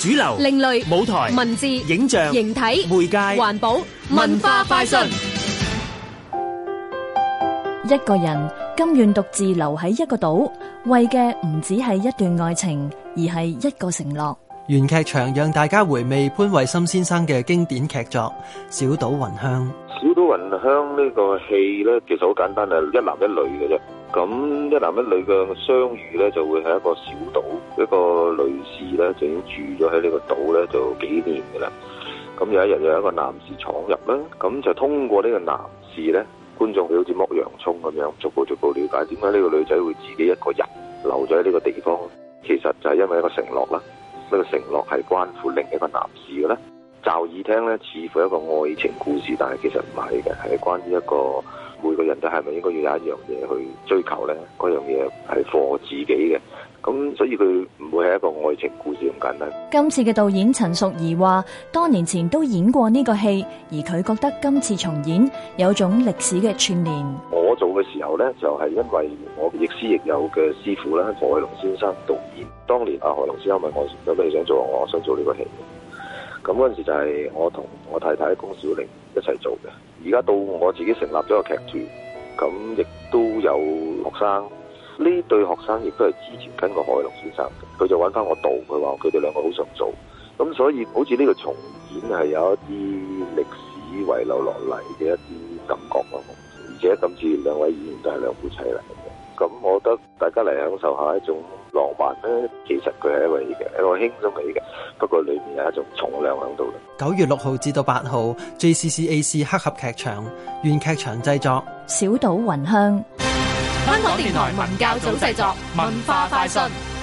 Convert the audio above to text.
主流，另類舞台文字影像形體媒介環保文化快訊一個人甘願獨自留喺一個島，為嘅唔止係一段愛情，而係一個承諾。原劇場讓大家回味潘惠森先生嘅經典劇作《小島云香》。小島云香呢個戲咧，其實好簡單啊，係一男一女嘅啫。咁一男一女嘅相遇咧，就會喺一個小島，一個女士咧就已經住咗喺呢個島咧就幾年噶啦。咁有一日有一個男士闖入啦，咁就通過呢個男士咧，觀眾好似剝洋葱咁樣，逐步逐步了解點解呢個女仔會自己一個人留咗喺呢個地方。其實就係因為一個承諾啦。呢個承諾係關乎另一個男士嘅咧。教耳聽咧，似乎係一個愛情故事，但係其實唔係嘅，係關於一個每個人都係咪應該要有一樣嘢去追求咧？嗰樣嘢係 for 自己嘅，咁所以佢唔會係一個愛情故事咁簡單。今次嘅導演陳淑儀話，多年前都演過呢個戲，而佢覺得今次重演有種歷史嘅串聯。我做嘅時候咧，就係、是、因為我亦師亦友嘅師傅咧，何偉龍先生導演。當年阿何偉龍先生問我有咩想做，我想做呢個戲。咁嗰陣時就係我同我太太龔小玲一齊做嘅，而家到我自己成立咗個劇團，咁亦都有學生，呢對學生亦都係之前跟過海龍先生嘅，佢就揾翻我度，佢話佢哋兩個好想做，咁所以好似呢個重演係有一啲歷史遺留落嚟嘅一啲感覺咯，而且今次兩位演員都係兩夫妻嚟。咁我覺得大家嚟享受一下一種浪漫咧，其實佢係一個嘅，一個輕鬆嚟嘅，不過裏面有一種重量喺度。九月六號至到八號，JCCAC 黑盒劇場，原劇場製作，小島雲香，香港電台文教組製作，文化快訊。